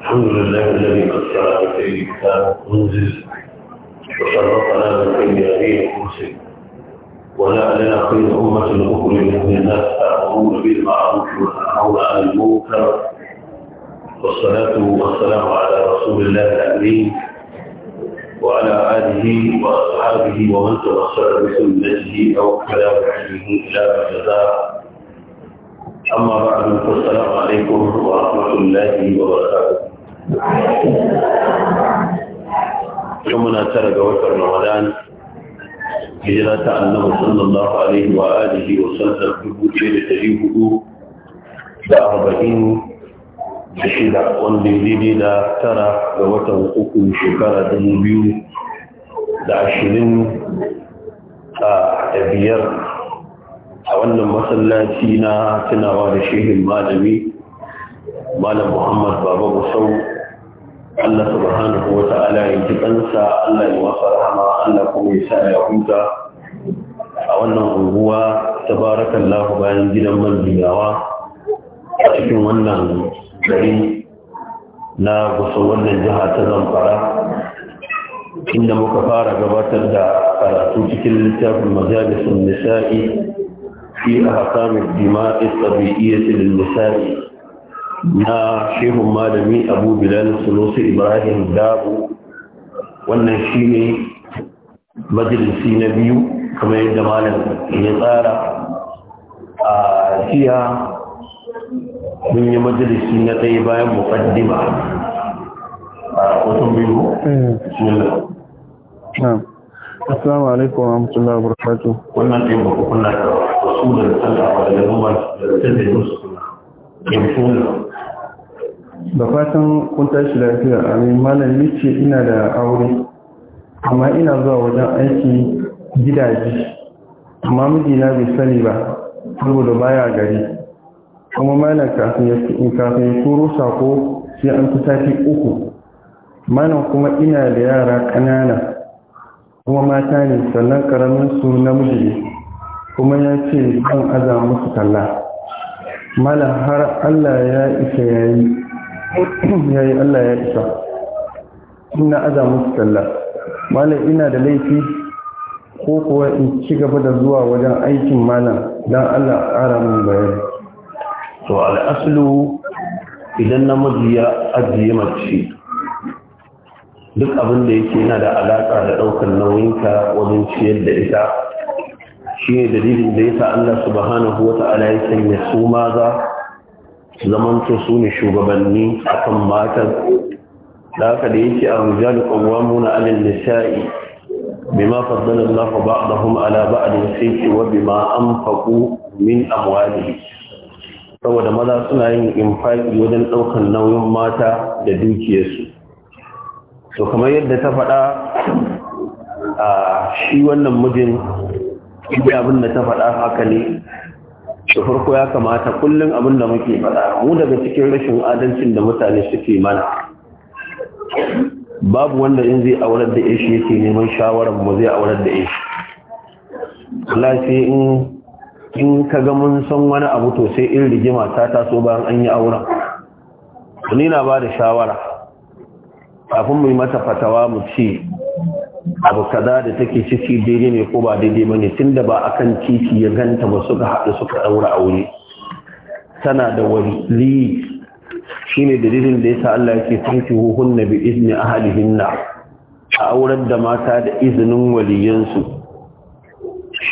الحمد لله الذي قد بخير كتابه منزل وشرفنا بخير نبي ولا لنا خير امه من الناس تامرون بالمعروف وتنهون عن المنكر والصلاه والسلام على رسول الله الامين وعلى آله وأصحابه ومن توصل بسنته أو كلام علمه إلى الجزاء أما بعد فالسلام عليكم ورحمة الله وبركاته yau muna tara ga watan ramadan hijira ta annabi sallallahu alaihi wa alihi wa sallam dubu ce da dari hudu da arba'in da shida wanda daidai da tara ga watan uku shekara dubu biyu da ashirin a biyar a wannan masallaci na tunawa da shehin malami malam muhammad baba musau Allah subhanahu wa ta'ala ya ji ɗansa Allah ya wasa rahama Allah kuma ya sa ya huta a wannan unguwa tabarakallahu bayan gidan manzilawa a cikin wannan gari na gusa wannan jiha ta zamfara inda muka fara gabatar da karatu cikin littafin majalisun nisa'i fi ahkamid dima'i tabi'iyyati nisa'i na shehun malami abu bilal sulusi ibrahim dabu wannan shi ne majalisi na biyu kamar yadda malam ya tsara a jiya mun yi majalisi na ɗaya bayan muƙaddima a wasan biyu eh. Assalamu alaikum wa rahmatullahi wa barakatuh. Wannan ɗin ba ku kunna da wasu da sallah da da da da da da da da da fatan kun tashi lafiya amin malam ce ina da aure amma ina zuwa wajen aiki gidaje amma mijina bai sani ba saboda baya gari kuma malam kafin ya kafin ya turo sako sai an fi tafi uku malam kuma ina da yara ƙanana kuma mata ne sannan karamin su namiji ne kuma ya ce zan aza musu talla malam har Allah ya isa yayi ya yi Allah ya isa ina aza musu talla malam ina da laifi ko kuwa in ci gaba da zuwa wajen aikin malam don Allah ƙara min bayani to al'aslu idan namiji ya ajiye mace duk abin da yake yana da alaƙa da ɗaukar nauyinka wajen ciyar da ita shi ne dalilin da ya sa Allah subhanahu wa ta'ala ya sanya su maza zamanto su ne shugabanni akan matan da haka da yake a rijalu qawwamuna 'ala alin nisai bima faddala Allahu ba'dahum 'ala ba'din sayyi wa bima anfaqu min amwalihim saboda maza suna yin infaki wajen ɗaukar nauyin mata da dukiyarsu to kamar yadda ta faɗa a shi wannan mijin abin da ta faɗa haka ne da farko ya kamata kullum abin da muke faɗa mu daga cikin rashin adalcin da mutane suke mana babu wanda in zai aurar da shi yake neman shawarar mu zai aurar da shi Allah sai in in ka ga mun san wani abu to sai in rigima ta taso bayan an yi auren ni na ba da shawara kafin mu yi mata fatawa mu ce abu kaza da take ciki daidai ne ko ba daidai bane tunda ba akan titi ya ganta ba suka haɗu suka ɗaura aure tana da wali shine dalilin da yasa Allah yake huhun na bi izni ahlihinna a auren da mata da izinin waliyansu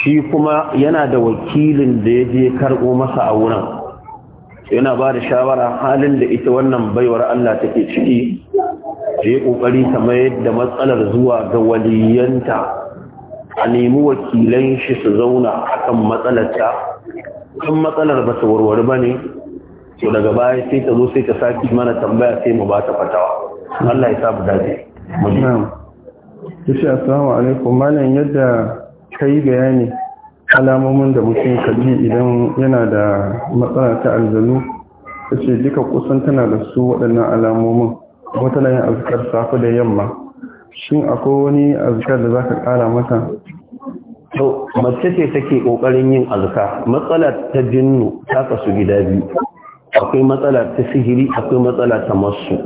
shi kuma yana da wakilin da ya je karɓo masa auren yana ba da shawara halin da ita wannan baiwar Allah take ciki da ƙoƙari kokari mayar da matsalar zuwa ga waliyanta a nemi wakilan shi su zauna kan matsalar ta kan matsalar ba ta warware ba ne to daga baya sai ta zo sai ta saki mana tambaya sai mu ba ta fatawa Allah ya sa mu dace Yace assalamu alaikum malam yadda kai bayani alamomin da mutum ji idan yana da matsala ta aljanu yace duka kusan tana da su waɗannan alamomin Wata yin azikar safe da yamma shin akwai wani azikar da za ka kara mata to mace ce take kokarin yin alka Matsala ta jinnu ta kasu gida biyu akwai matsala ta sihiri akwai matsala ta masu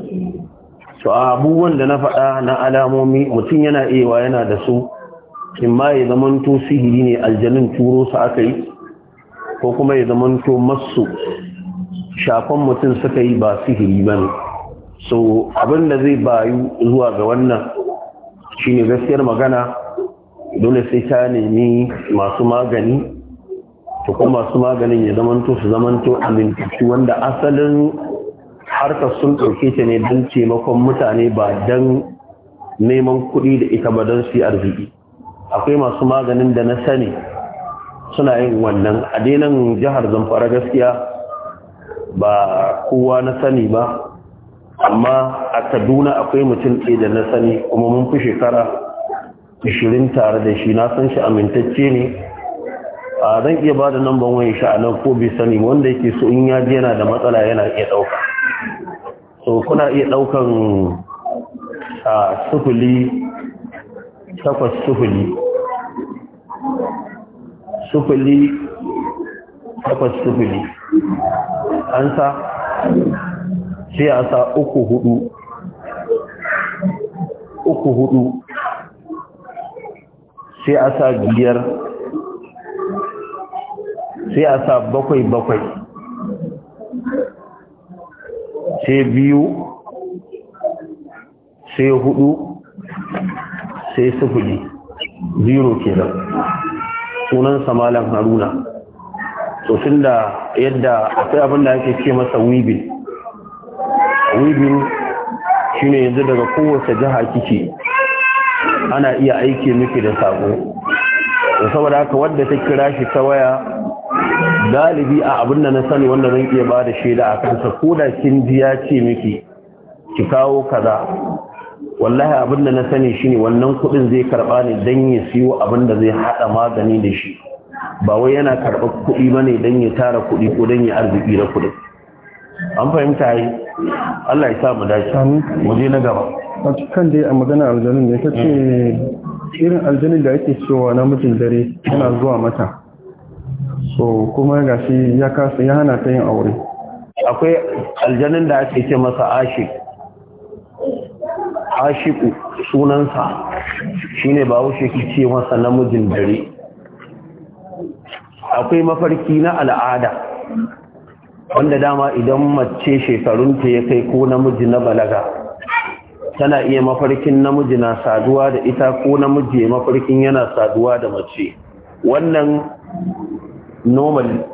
to abubuwan da na faɗa na alamomi mutum yana iya yana da su in ma ya zamanto sihiri ne aljanin turo su aka yi ko kuma ya zamanto masu shafan mutum suka yi ba sihiri ba ne so abin da zai bayu zuwa ga wannan shine gaskiyar magana dole sai ta nemi masu magani to kuma masu maganin ya zamanto su zamanto amintattu wanda asalin harkar sun ɗauke ta ne don taimakon mutane ba don neman kuɗi da ita ba don su arziki akwai masu maganin da na sani suna yin wannan a jihar zamfara gaskiya ba kowa na sani ba amma a kaduna akwai mutum ɗaya da na sani kuma mun fi shekara 20 tare da shi na san shi amintacce ne a zan iya ba da namban wani wani a nan ko bai sani wanda yake so in ya yana da matsala yana iya ɗauka so kuna iya ɗaukan a sufuli takwas sufuli sufuli takwas sufuli an sa sai a sa uku hudu uku hudu sai a sa biyar sai a sa bakwai bakwai sai biyu sai hudu sai sufuri zero kenan sunan samalan haruna to tun da yadda akwai abin da ake ce masa wibin shi shine yanzu daga kowace jiha kike ana iya aiki miki da sako saboda haka wadda ta kira shi ta waya galibi a abin da na sani wanda zan iya ba da shaida a kansa ko da kin ji ya ce miki ki kawo kaza wallahi abin da na sani shine wannan kuɗin zai karba ne don ya siyo abin da zai haɗa magani da shi ba wai yana karɓar kuɗi bane ne ya tara kuɗi ko don ya arziki da kuɗi an fahimta yi Allah ya sa mu dace mu je na gaba a cikin dai a magana aljanun da ta ce irin aljanun da ake cewa namijin dare yana zuwa mata so kuma ga shi ya kasa ya hana ta yin aure akwai aljanun da ake ce masa ashik ashiku sunansa shine ba wuce ki ce masa namijin dare akwai mafarki na al'ada wanda dama idan mace shekarunta ya kai ko namiji na balaga tana iya mafarkin namiji na saduwa da ita ko namiji ya mafarkin yana saduwa da mace wannan normal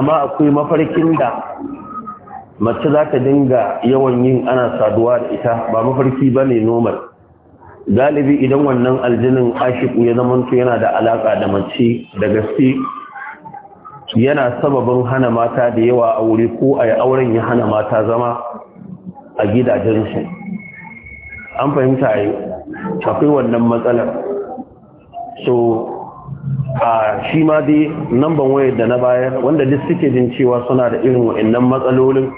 amma akwai mafarkin da mace za ta dinga yawan yin ana saduwa da ita ba mafarki ba ne normal galibi idan wannan aljinin ashiku ya zamanto yana da alaka da mace da gaske yana sababin hana mata da yawa a wuri ko a yi auren ya hana mata zama a gidajensu an fahimta yi akwai wannan matsalar so a shi ma dai namban wayar da na bayar wanda duk suke jin cewa suna da irin wa'annan matsalolin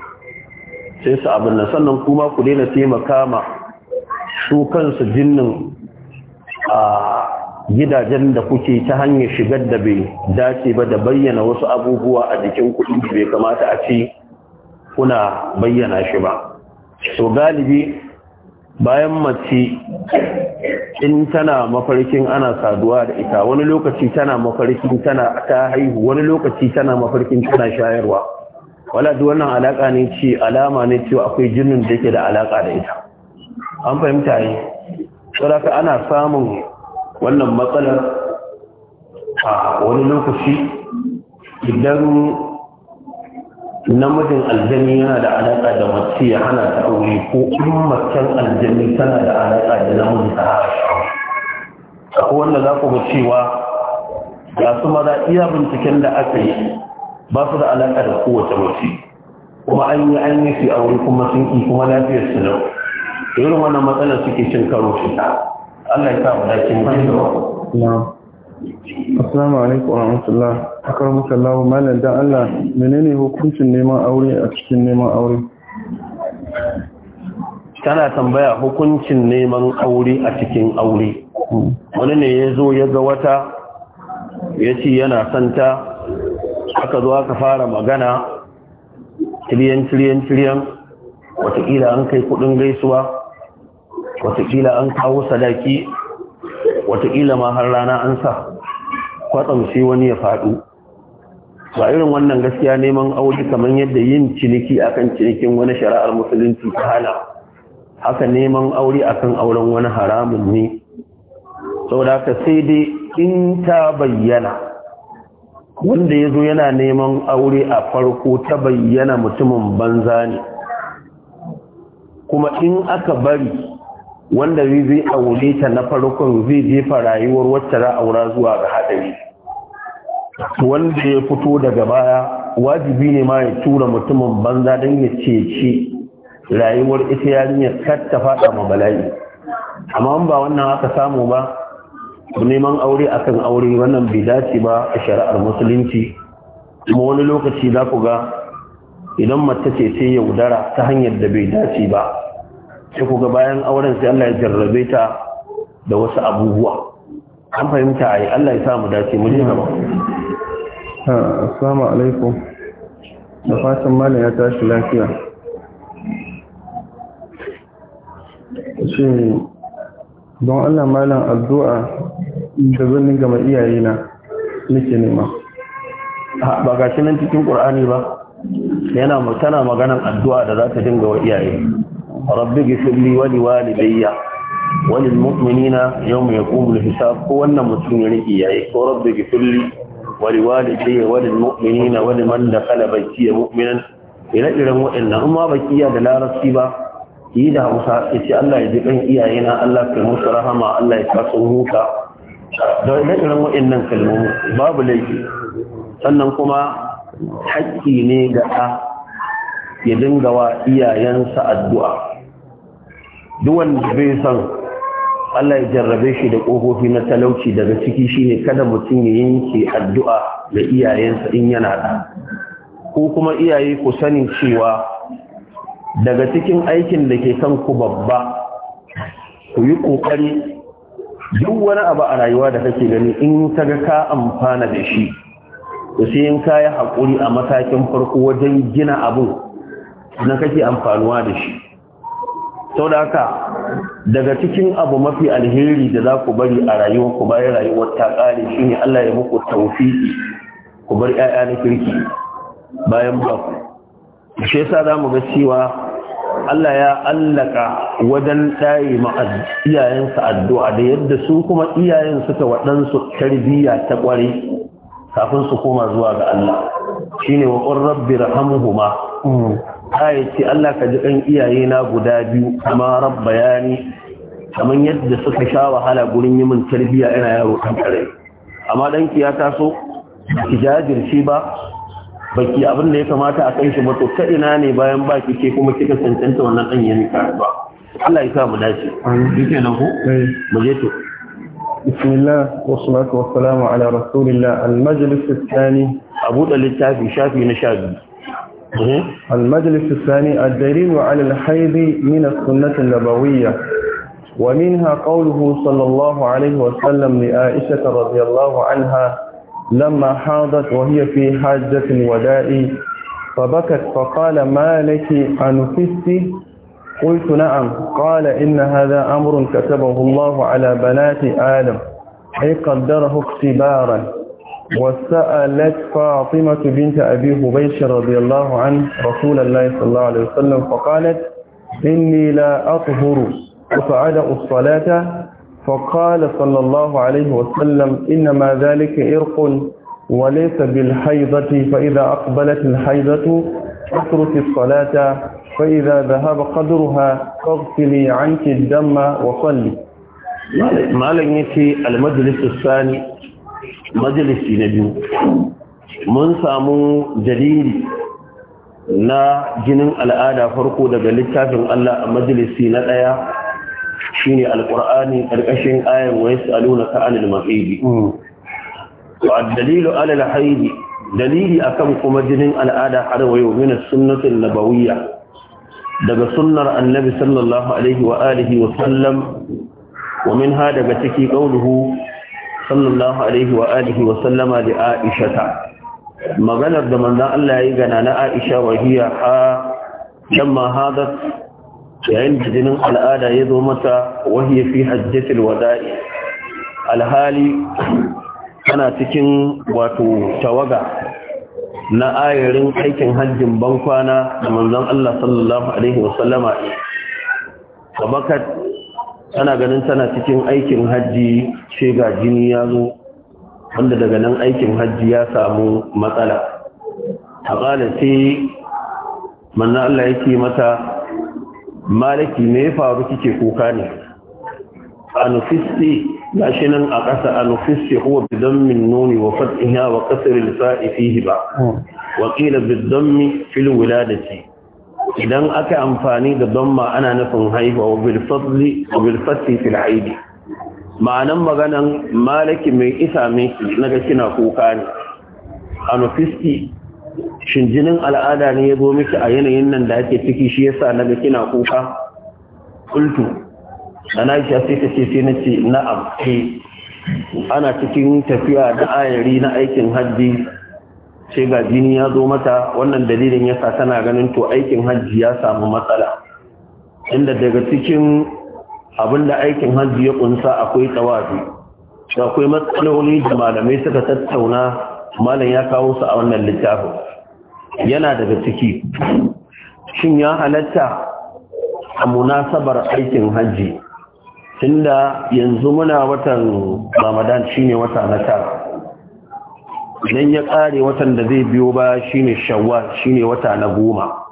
sai su abin nan sannan kuma ku daina taimaka ma su kansu jinnin a gidajen da kuke ta hanyar shigar da bai dace ba da bayyana wasu abubuwa a jikin kuɗi da bai kamata a ce kuna bayyana shi ba so galibi bayan mace in tana mafarkin ana saduwa da ita wani lokaci tana mafarkin tana ta haihu wani lokaci tana mafarkin tana shayarwa wala duk wannan alaka ne ce alama ne cewa akwai jinin da yake da alaka da ita an fahimta yi saboda ana samun wannan matsalar a wani lokaci idan namijin aljani yana da alaƙa da mace ya hana ta aure ko in macen aljani tana da alaƙa da namiji ta hana ta aure wanda za ku ga cewa ga su maza iya binciken da aka yi ba su da alaƙa da kowace mace kuma an yi an yi su aure kuma sun ki kuma lafiyar su lau irin wannan matsalar suke cin karo shi ta Allah ya sa mu dace mu Assalamu alaikum wa rahmatullah. Akar muka lawo malam dan Allah menene hukuncin neman aure a cikin neman aure? Tana tambaya hukuncin neman aure a cikin aure. Wani ne ya zo ya ga wata ya ce yana santa aka zo aka fara magana tiliyan tiliyan tiliyan watakila an kai kudin gaisuwa watakila an kawo sadaki watakila ma har rana an sa kwatsam sai wani ya faɗo ba irin wannan gaskiya neman aure kamar yadda yin ciniki akan cinikin wani shari'ar musulunci ta hana haka neman aure akan auren wani haramun ne saboda haka sai dai in ta bayyana wanda ya zo yana neman aure a farko ta bayyana mutumin banza ne kuma in aka bari wanda zai aure ta na farkon zai jefa rayuwar wacce za aura zuwa ga hadari wanda ya fito daga baya wajibi ne ma ya tura mutumin banza don ya ceci rayuwar ita yarinyar kar ta faɗa ma bala'i amma ba wannan aka samu ba neman aure akan aure wannan bai dace ba a shari'ar musulunci kuma wani lokaci za ku ga idan mace ce sai yaudara ta hanyar da bai dace ba sai ga bayan auren sai Allah ya jarrabe ta da wasu abubuwa an fahimta ai Allah ya sa mu dace mu je gaba ha assalamu alaikum da fatan malam ya tashi lafiya Shin don Allah malam addu'a da zan ga iyayena nake nema ba ga shi nan cikin ƙur'ani ba yana tana maganan addu'a da za ta dinga wa iyaye rabbi gifirli wani walidayya wani mu'minina yau mai kuma hisab ko wannan mutum ya rike yayi ko rabbi gifirli wani walidayya wani mu'minina wani man da kala baki ya mu'minan ire-iren waɗannan amma baki ya da larabci ba yi da hausa ya ce Allah ya ji kan iyayena Allah ka musu rahama Allah ya kasu huta da ire-iren waɗannan kalmomi babu laifi sannan kuma hakki ne ga ɗa ya dinga wa iyayensa addu'a Duwan da bai san Allah ya jarrabe shi da ƙofofi na talauci daga ciki shine kada mutum ya yanke addu'a da iyayensa in yana da ko kuma iyaye ku sani cewa daga cikin aikin da ke kan ku babba ku yi ƙoƙari duk wani abu a rayuwa da kake gani in ka ga ka amfana da shi ku sai in ka yi haƙuri a matakin farko wajen gina abu na kake amfanuwa da shi sau da haka daga cikin abu mafi alheri da za ku bari a rayuwar ku bayan rayuwar ta ƙare shi ne Allah ya muku tawfiki ku bar 'ya'ya na kirki bayan ba ku shi yasa za mu ga cewa Allah ya allaka wajen ɗaye ma iyayensa addu'a da yadda su kuma iyayen suka waɗansu tarbiyya ta ƙware kafin su koma zuwa ga Allah shine wa qur rabbi rahamhuma aya ce Allah ka ji kan iyaye na guda biyu kama rabba yani kamar yadda suka sha wahala gurin yi min tarbiyya ina yaro kan kare amma dan ki ya taso ki jajirce ba baki abin da ya kamata a kan shi ba to ta ina ne bayan baki ke kuma kika cancanta wannan ɗan yanzu ba Allah ya sa mu dace yake nan ko mu je to بسم الله والصلاة والسلام على رسول الله المجلس الثاني أبو الكتاب شافي نشابي المجلس الثاني الدليل على الحيض من السنة النبوية ومنها قوله صلى الله عليه وسلم لعائشة رضي الله عنها لما حاضت وهي في حاجة الوداء فبكت فقال ما لك أنفست قلت نعم قال إن هذا أمر كتبه الله على بنات آدم أي قدره اختبارا وسألت فاطمة بنت أبي هبيش رضي الله عنه رسول الله صلى الله عليه وسلم فقالت إني لا أطهر وفعل الصلاة فقال صلى الله عليه وسلم إنما ذلك إرق وليس بالحيضة فإذا أقبلت الحيضة اترك الصلاة فإذا ذهب قدرها فاغسلي عنك الدم وصلي مالك يتي المجلس الثاني majalisi na biyu mun samu dalili na jinin al'ada farko daga littafin Allah a majalisi na ɗaya shine alƙur'ani ƙarƙashin ayan wa yas'aluna ka anil mahidi mm. to dalilu ala haidi dalili akan kuma jinin al'ada har wa yau sunnatin nabawiyya daga sunnar annabi sallallahu alaihi wa alihi wa sallam wa ha daga ciki ƙauluhu sallallahu alaihi wa alihi wa sallama da Aisha ta maganar da manzon Allah ya gana na Aisha wa hiya ha lamma hadat yayin jinin al'ada ya zo mata wahiya fi hajjatil wada'i alhali tana cikin wato tawaga na ayarin aikin hajjin bankwana da manzon Allah sallallahu alaihi wasallama tabakat tana ganin tana cikin aikin hajji ce ga jini ya zo wanda daga nan aikin hajji ya samu matsala a ƙala sai manna Allah yake mata maliki me ya faru kike kuka ne anufisti shi nan a ƙasa anufisti huwa min nuni wa fatiha wa kasri lisa'i fihi ba min hmm. filin bidammi fil wiladati idan aka amfani da damma ana nufin haihuwa bil fadli fil aidi ma'anan maganan malaki mai isa miki na ga kina kuka ne anufiski shin jinin al'ada ne ya zo miki a yanayin nan da ake ciki shi yasa na ga kina kuka kultu ana shi sai ta ce sai na ce na'am eh, ana cikin tafiya da ayari na aikin hajji sai ga jini ya zo mata wannan dalilin yasa tana ganin to aikin hajji ya samu matsala inda daga cikin abin da aikin hajji ya kunsa akwai tawafi da akwai matsaloli da malamai suka tattauna malam ya kawo su a wannan littafin yana daga ciki shin ya halatta a munasabar aikin hajji tunda yanzu muna watan ramadan shine wata na tara idan ya ƙare watan da zai biyo ba shine shawwal shine wata na goma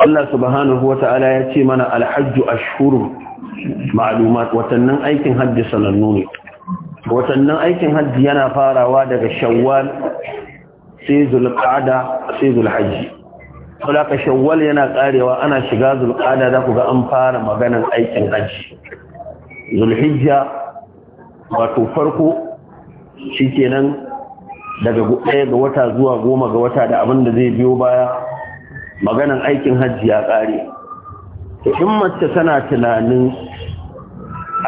Allah subhanahu wata'ala ya ce mana alhajju ashhurun ma'lumat watannin aikin hajji sanannu ne watannin aikin hajji yana farawa daga shawwal sai zulqa'ada sai zulhajji saboda shawwal yana karewa ana shiga zulqa'ada za ku ga an fara maganan aikin hajji zulhijja wato farko shikenan daga ɗaya ga wata zuwa goma ga wata da abin da zai biyo baya maganan aikin hajji ya ƙare to in mace tana tunanin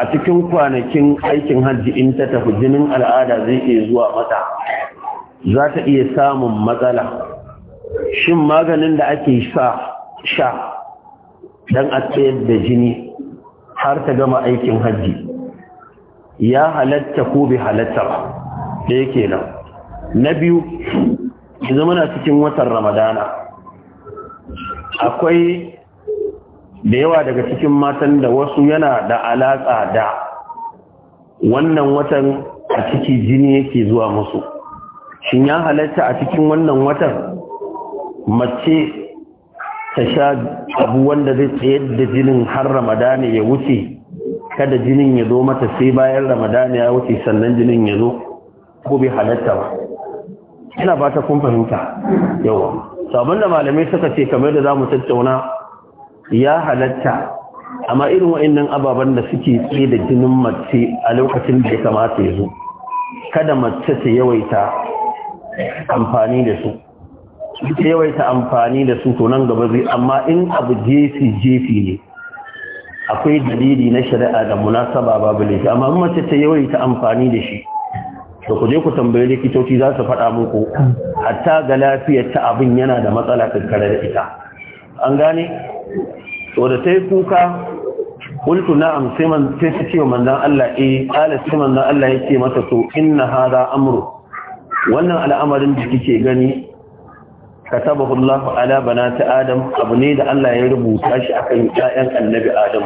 a cikin kwanakin aikin hajji in ta tafi jinin al'ada zai iya zuwa mata za ta iya samun matsala shin maganin da ake sa sha don a tsayar da jini har ta gama aikin hajji ya halatta ko bai halatta ba da yake nan na biyu yanzu muna cikin watan ramadana akwai da yawa daga cikin matan da wasu yana da alaƙa da wannan watan a ciki jini yake zuwa musu shin ya halatta a cikin wannan watan mace ta sha abu wanda zai tsaye da jinin har ramadana ya wuce kada jinin ya zo mata sai bayan ramadana ya wuce sannan jinin ya zo ko bai halatta ba ina ba ta kun fahimta yawa sabon da malamai suka ce kamar da za mu tattauna ya halatta amma irin wa'annan ababen da suke tsaye da jinin mace a lokacin da ya kamata ya zo kada mace ta yawaita amfani da su ta yawaita amfani da su to nan gaba zai amma in abu jefi jefi ne akwai dalili na shari'a da munasaba babu laifi amma mace ta yawaita amfani da shi Da ku je ku tambayi likitoci za su faɗa muku hatta ga lafiyar ta abin yana da matsala kankare da ita an gane So da ta yi kuka kultu na'am sai man sai ta ce manzon Allah eh qala sai manzon Allah yake masa to inna hada amru wannan al'amarin da kike gani katabahu Allah ala banati adam abu ne da Allah ya rubuta shi akan ƴaƴan annabi adam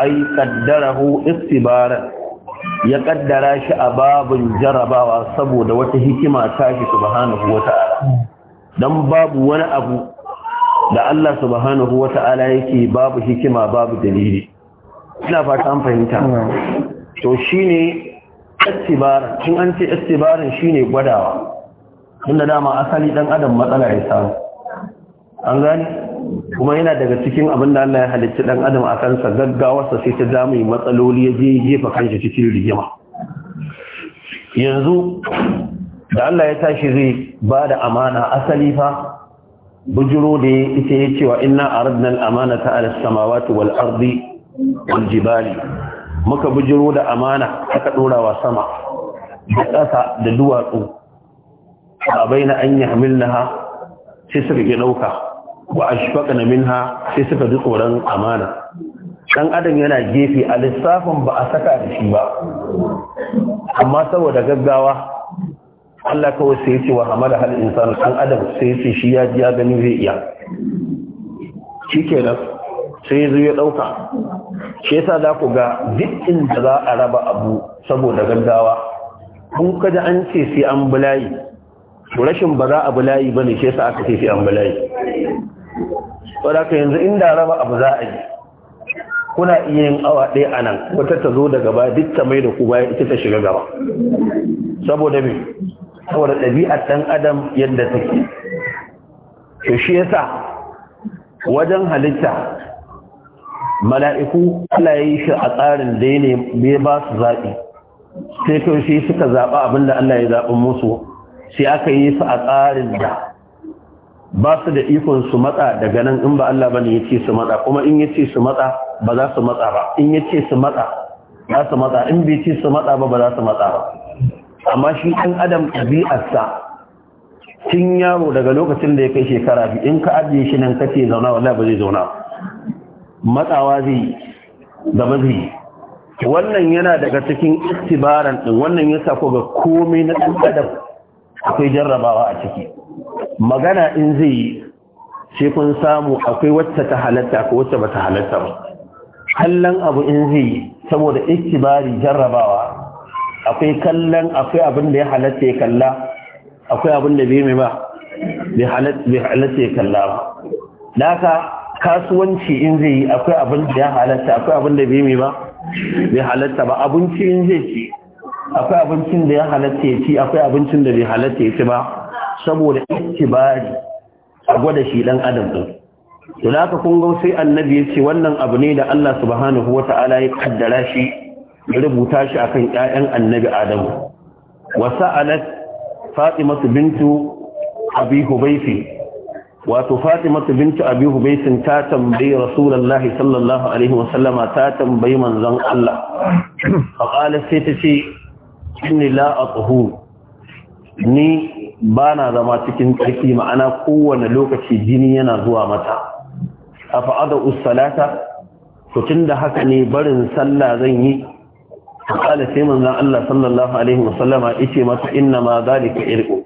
ai qaddarahu istibaran ya kaddara shi a babin jarabawa saboda wata hikima ta shi subhanahu wata'ala dan babu wani abu da Allah subhanahu wata'ala yake babu hikima babu dalili ina fata an fahimta to shine istibaran kin an ce istibaran shine gwadawa tunda dama asali dan adam matsala ya samu an gane kuma yana daga cikin abin da Allah ya halicci dan adam a kansa gaggawarsa sai ta damu matsaloli ya je jefa shi cikin rigima yanzu da Allah ya tashi zai ba da amana asali fa bujuro da ita ya cewa inna aradna al-amanata ala samawati wal ardi wal jibali muka bujuro da amana aka dora wa sama da kasa da duwatsu a baina an yahmilnaha sai suka ke dauka wa ashfaqna minha sai suka ji tsoron amana dan adam yana gefe a lissafin ba a saka da shi ba amma saboda gaggawa Allah kawai sai ce wa hamala hal insanu dan adam sai ce shi ya ji ya gani zai iya shikenan sai zai ya dauka shi yasa za ku ga duk inda za a raba abu saboda gaggawa kun kaji an ce sai an bulayi rashin ba za a bulayi bane shi yasa aka ce sai an bulayi wadaka ka yanzu inda raba abu za a yi kuna iya yin awa ɗaya a nan wata ta zo daga baya duk ta mai da ku bayan ita ta shiga gaba saboda me saboda ɗabi'ar ɗan adam yadda take to shi sa wajen halitta mala'iku ala ya yi shi a tsarin da ya bai ba su zaɓi sai kawai shi suka zaɓa abin da Allah ya zaɓi musu sai aka yi su a tsarin da ba su da ikon su matsa daga nan in ba Allah bane yace su matsa kuma in yace su matsa ba za su matsa ba in yace su matsa za su matsa in bai ce su matsa ba ba za su matsa ba amma shi ɗan adam ɗabi'arsa tun yaro daga lokacin da ya kai shekara bi, in ka ajiye shi nan kace zauna wallahi ba zai zauna matsawa zai ba zai wannan yana daga cikin istibaran din wannan ya sako ga komai na ɗan adam akwai jarrabawa a ciki magana in zai yi shi kun samu akwai wacce ta halatta ko wacce ba ta halatta ba kallon abu in zai yi saboda ikibari jarrabawa akwai kallon akwai abin da ya halatta ya kalla akwai abin da bai mai ba bai halatta ya kalla ba daga kasuwanci in zai yi akwai abin da ya halatta akwai abin da bai mai ba bai halatta ba abinci in zai ci akwai abincin da ya halatta ya ci akwai abincin da bai halatta ya ci ba saboda ittibari a gwada shi dan adam din to da haka kun ga sai annabi ya ce wannan abu ne da Allah subhanahu wata'ala ya kaddara shi ya rubuta shi akan ƴaƴan annabi Adam wa sa'alat Fatima bintu Abi Hubayfi wato Fatima bintu Abi Hubayfin ta tambayi Rasulullah sallallahu alaihi wa sallama ta tambayi manzon Allah fa qala sai ta ce inni la atuhu ni ba na zama cikin tsarki ma'ana kowane lokaci jini yana zuwa mata a fa'ada usalata to tun da haka ne barin sallah zan yi kala sai manzon Allah sallallahu alaihi wasallama yace mata inna ma ka irqu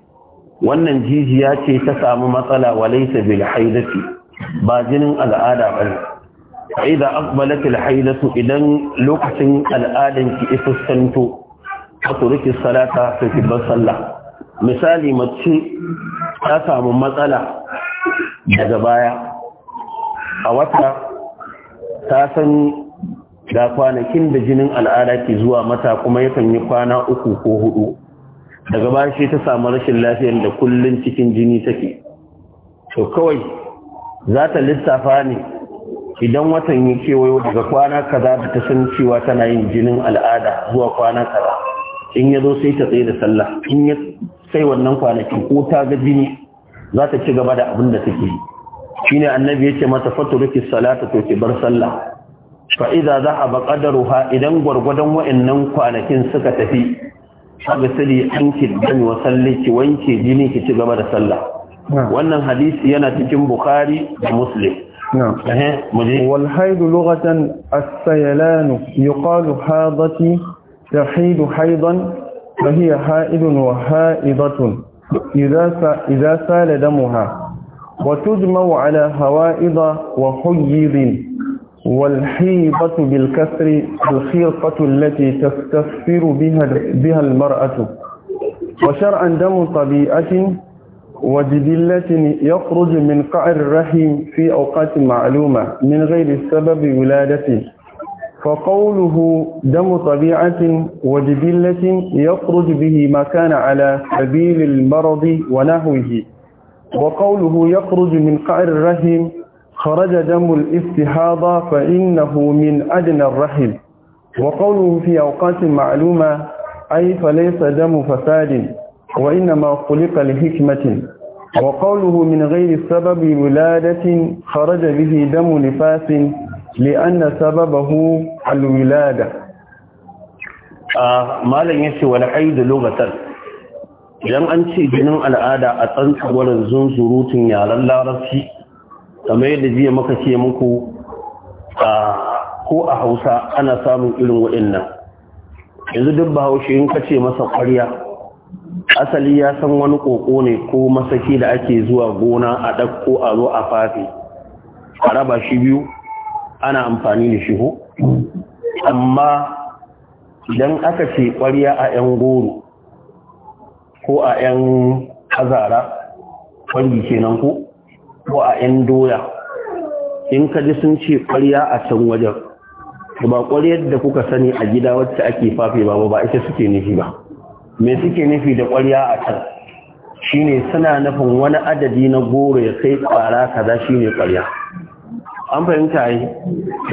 wannan jijiya ce ta samu matsala walaysa bil haidati ba jinin al'ada bane idan aqbalat al haidatu idan lokacin al'adanki ki ifustanto ka turki salata sai ki bar sallah misali mace ta samu matsala daga baya a wata ta san da kwanakin da jinin al'ada ke zuwa mata kuma yakan yi kwana uku ko hudu daga baya shi ta samu rashin lafiyar da kullum cikin jini take to kawai za ta lissafa ne idan watan yi kewayo daga kwana kaza da ta san cewa tana yin jinin al'ada zuwa kwana kaza in ya zo sai ta tsaye da sallah in ya sai wannan kwanaki ko ta ga jini za ta ci gaba da abin da take yi shine annabi yace mata faturuki salata to ki bar sallah fa idza dhahaba qadaruha idan gwargwadon wa'annan kwanakin suka tafi haka sali anki dan wa salliki wanke jini ki ci gaba da sallah wannan hadisi yana cikin bukhari da muslim والحيض لغة السيلان يقال حاضتي تحيد حيضا فهي حائض وحائضة إذا إذا سال دمها وتجمع على هوائض وحيض والحيضة بالكسر الخرقة التي تستفسر بها بها المرأة وشرعا دم طبيعة وجبلة يخرج من قعر الرحم في أوقات معلومة من غير سبب ولادته فقوله دم طبيعة وجبلة يخرج به ما كان على سبيل المرض ونحوه وقوله يخرج من قعر الرحم خرج دم الاستهاضة فإنه من أدنى الرحم وقوله في أوقات معلومة أي فليس دم فساد وإنما خلق لحكمة وقوله من غير سبب ولادة خرج به دم نفاس li'anna sababahu alwilada a malam yace wal haid lughatan idan an ce jinin al'ada a tsantsawarin zunzurutun yaran larabci kamar yadda jiya maka ce muku a ko a hausa ana samun irin waɗannan yanzu duk bahaushe in ka ce masa ƙwarya asali ya san wani ƙoƙo ne ko masaki da ake zuwa gona a ɗauko a zo a fafe a raba shi biyu ana amfani da shi ko amma idan aka ce ƙwarya a 'yan goro ko a 'yan azara ƙwari kenan ko ko a 'yan doya in ka ji sun ce ƙwarya a can wajen ba ƙwaryar da kuka sani a gida wacce ake fafe ba ba ita suke nufi ba me suke nufi da ƙwarya a can shine suna nufin wani adadi na goro ya kai ƙwara kaza shine ƙwarya an fahimta yi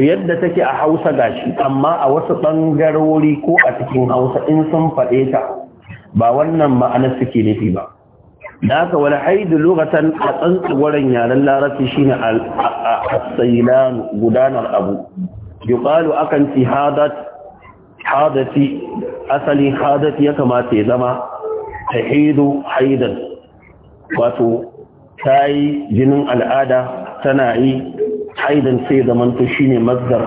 yadda take a hausa gashi amma a wasu ɓangarori ko a cikin hausa in sun faɗe ta ba wannan ma'anar suke nufi ba da haka wani haidu lokacin a tsantsuwaren yaren larabci shine al-sailan gudanar abu yuqalu akan ci hadat hadati asali hadati ya kamata ya zama tahidu haidan wato ta yi jinin al'ada tana yi aidan sai ne shine mazdar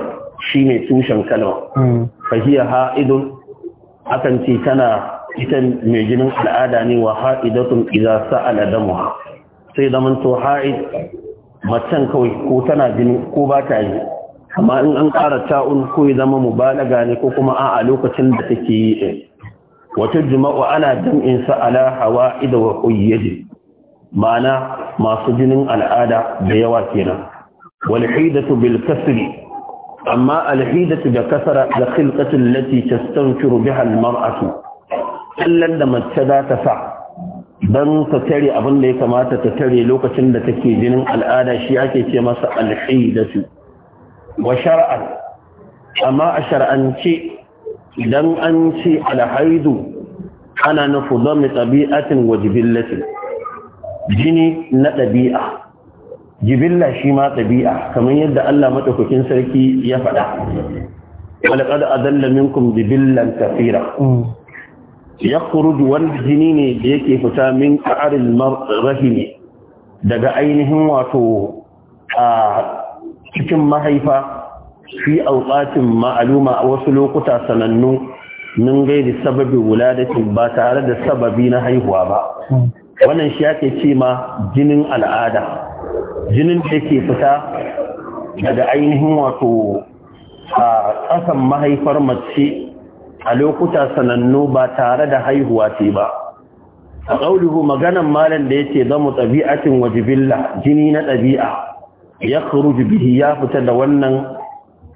ne tushen kalma hmm. fahiya ha'idun akan ce tana ita mai jinin al'ada ne wa ha'idatun idza sa'ala damuha sai zamanto ha'id macen kawai ko tana jini ko ba ta yi amma in an ƙara ta'un ko ya zama mubalaga ne ko kuma a lokacin da take yi wata juma'u ana jam'in sa ala hawa ida wa ma'ana masu jinin al'ada da yawa kenan والحيدة da أما lati بكسر الخلقة التي تستنفر بها da mace za ta sa dan ta tare abin da ya kamata ta tare lokacin da take jinin al'ada shi ake ce masa alhidatu wa shar'an amma a shar'ance idan an ce alhaidu ana nufu don tabi'atin wa jini na ɗabi'a jibilla shi ma ɗabi'a kamar yadda Allah maɗaukakin sarki ya faɗa walƙad adalla minkum jibillan tafira. Yakurudu kurudu wani jini ne da yake fita min ƙa'arin rahimi daga ainihin wato a cikin mahaifa fi auƙatin ma'aluma a wasu lokuta sanannu min gairi sababi wuladatin ba tare da sababi na haihuwa ba hmm. wannan shi ake ce ma jinin al'ada jinin da yake fita daga ainihin wato a ƙasan mahaifar mace a lokuta sanannu ba tare da haihuwa ce ba a ƙauluhu maganan malam da yake zama ɗabi'atin wajibilla jini na ɗabi'a ya kuru bihi ya fita da wannan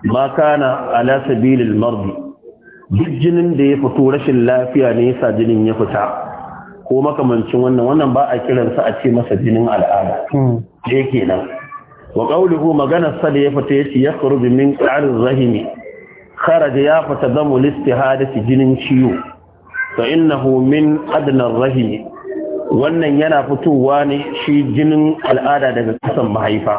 makana kana ala sabilil mardi duk jinin da ya fito rashin lafiya ne yasa jinin ya fita ko makamancin wannan wannan ba a kiransa a ce masa jinin al'ada hmm. da yake nan wa sa da ya fita ya yakhruju min qa'riz rahimi kharaja ya fita damu listihadati jinin ciwo fa innahu min adna rahimi wannan yana fitowa ne shi jinin al'ada daga kasan mahaifa